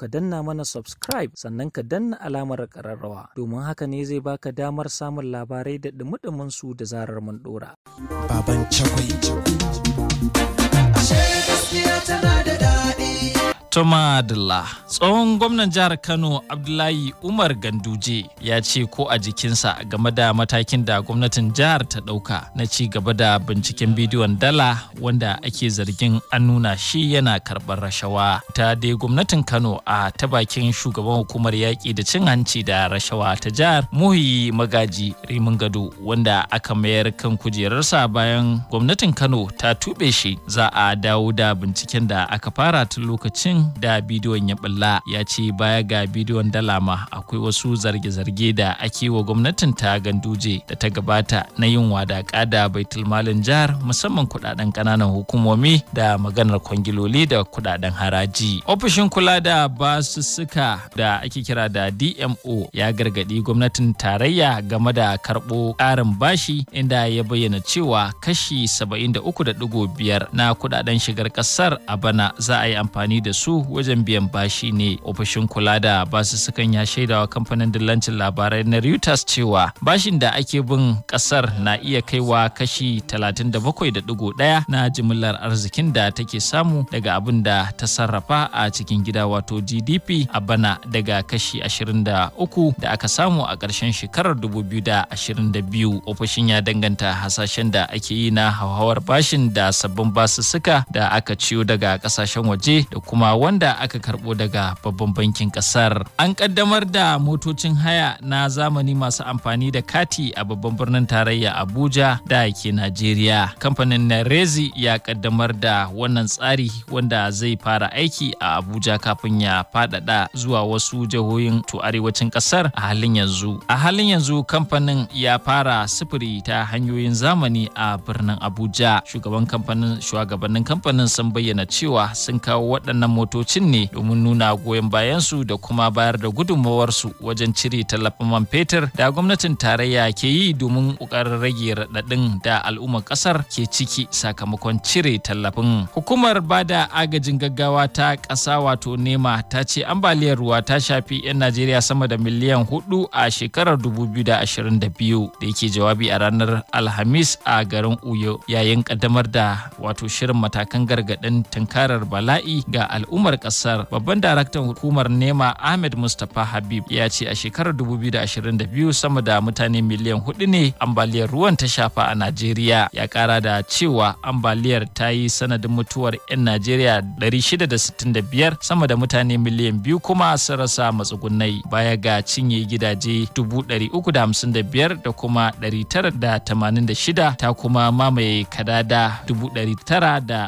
ka danna mana subscribe sannan ka danna alamar ƙararrawa domin haka ne zai baka damar samun labarai da dumi su da zarar mun dora. Baban Chakwai Ashe gaskiya tana da To tsohon gwamnan jihar Kano Abdullahi Umar Ganduje ya ce ko a jikinsa game da matakin da gwamnatin jihar ta ɗauka na ci gaba da binciken bidiyon dala wanda ake zargin an nuna shi yana karɓar rashawa. Ta dai gwamnatin Kano a ta bakin shugaban hukumar yaƙi da cin hanci da rashawa ta jihar Muhi Magaji Rimin Gado wanda aka mayar kan kujerarsa bayan gwamnatin Kano ta tube shi za a dawo da binciken da aka fara tun lokacin da bidiyon ya bulla ya ce baya ga bidiyon dala ma akwai wasu zarge-zarge da ake wa gwamnatin ta ganduje da ta gabata na yin wadaƙa da baitulmalin jihar musamman kudaden ƙananan hukumomi da maganar kwangiloli da kudaden haraji ofishin kula da basussuka da ake kira da dmo ya gargadi gwamnatin tarayya game da karɓo ƙarin bashi inda ya bayyana cewa kashi 73.5 na kudaden shigar ƙasar a bana za a yi amfani da su su wajen biyan bashi ne ofishin kula da basussukan ya shaidawa kamfanin dillancin labarai na reuters cewa bashin da ake bin kasar na iya kaiwa kashi 37.1 na jimillar arzikin da take samu daga abin da ta sarrafa a cikin gida wato gdp a bana daga kashi 23 da aka samu a ƙarshen shekarar 2022 ofishin ya danganta hasashen da ake yi na hauhawar bashin da sabbin basussuka da aka ciyo daga ƙasashen waje da kuma wanda aka karbo daga babban bankin kasar an kaddamar da motocin haya na zamani masu amfani da kati a babban birnin tarayya abuja da ke najeriya kamfanin narezi ya kaddamar da wannan tsari wanda zai fara aiki a abuja kafin ya fadada zuwa wasu jihohin to arewacin kasar a halin yanzu a halin yanzu kamfanin ya fara sufuri ta hanyoyin zamani a birnin abuja shugaban kamfanin sun bayyana cewa sun kawo waɗannan motocin ne domin nuna goyon bayansu da kuma bayar da gudummawar su wajen cire tallafin man fetur da gwamnatin tarayya ke yi domin ƙoƙarin rage raɗaɗin da al'ummar ƙasar ke ciki sakamakon cire tallafin. Hukumar bada agajin gaggawa ta ƙasa wato nema ta ce ambaliyar ruwa ta shafi 'yan Najeriya sama da miliyan hudu a shekarar 2022 da yake jawabi a ranar Alhamis a garin Uyo yayin ƙaddamar da wato shirin matakan gargaɗin tunkarar bala'i ga al'umma al'ummar kasar babban daraktan hukumar nema ahmed mustapha habib ya ce a shekarar 2022 sama da mutane miliyan hudu ne ambaliyar ruwan ta shafa a najeriya ya kara da cewa ambaliyar ta yi sanadin mutuwar 'yan najeriya 665 sama da mutane miliyan biyu kuma sun rasa matsugunai baya ga cinye gidaje 355 da kuma 986 ta kuma mamaye kadada 944 da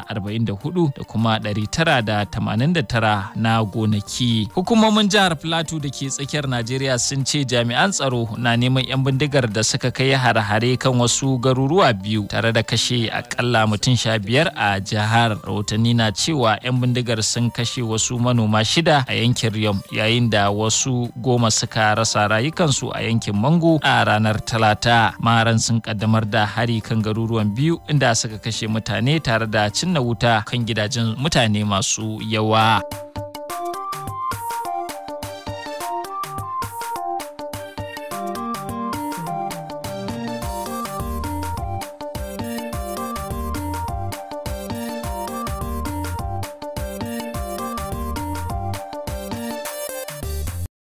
kuma 980 89 na gonaki. Hukumomin jihar Filato da ke tsakiyar Najeriya sun ce jami'an tsaro na neman 'yan bindigar da suka kai hare-hare kan wasu garuruwa biyu tare da kashe akalla mutum sha biyar a jihar. Rahotanni na cewa 'yan bindigar sun kashe wasu manoma shida a yankin Riyom yayin da wasu goma suka rasa rayukansu a yankin Mango a ranar Talata. Maharan sun kaddamar da hari kan garuruwan biyu inda suka kashe mutane tare da cinna wuta kan gidajen mutane masu yawa. Uau.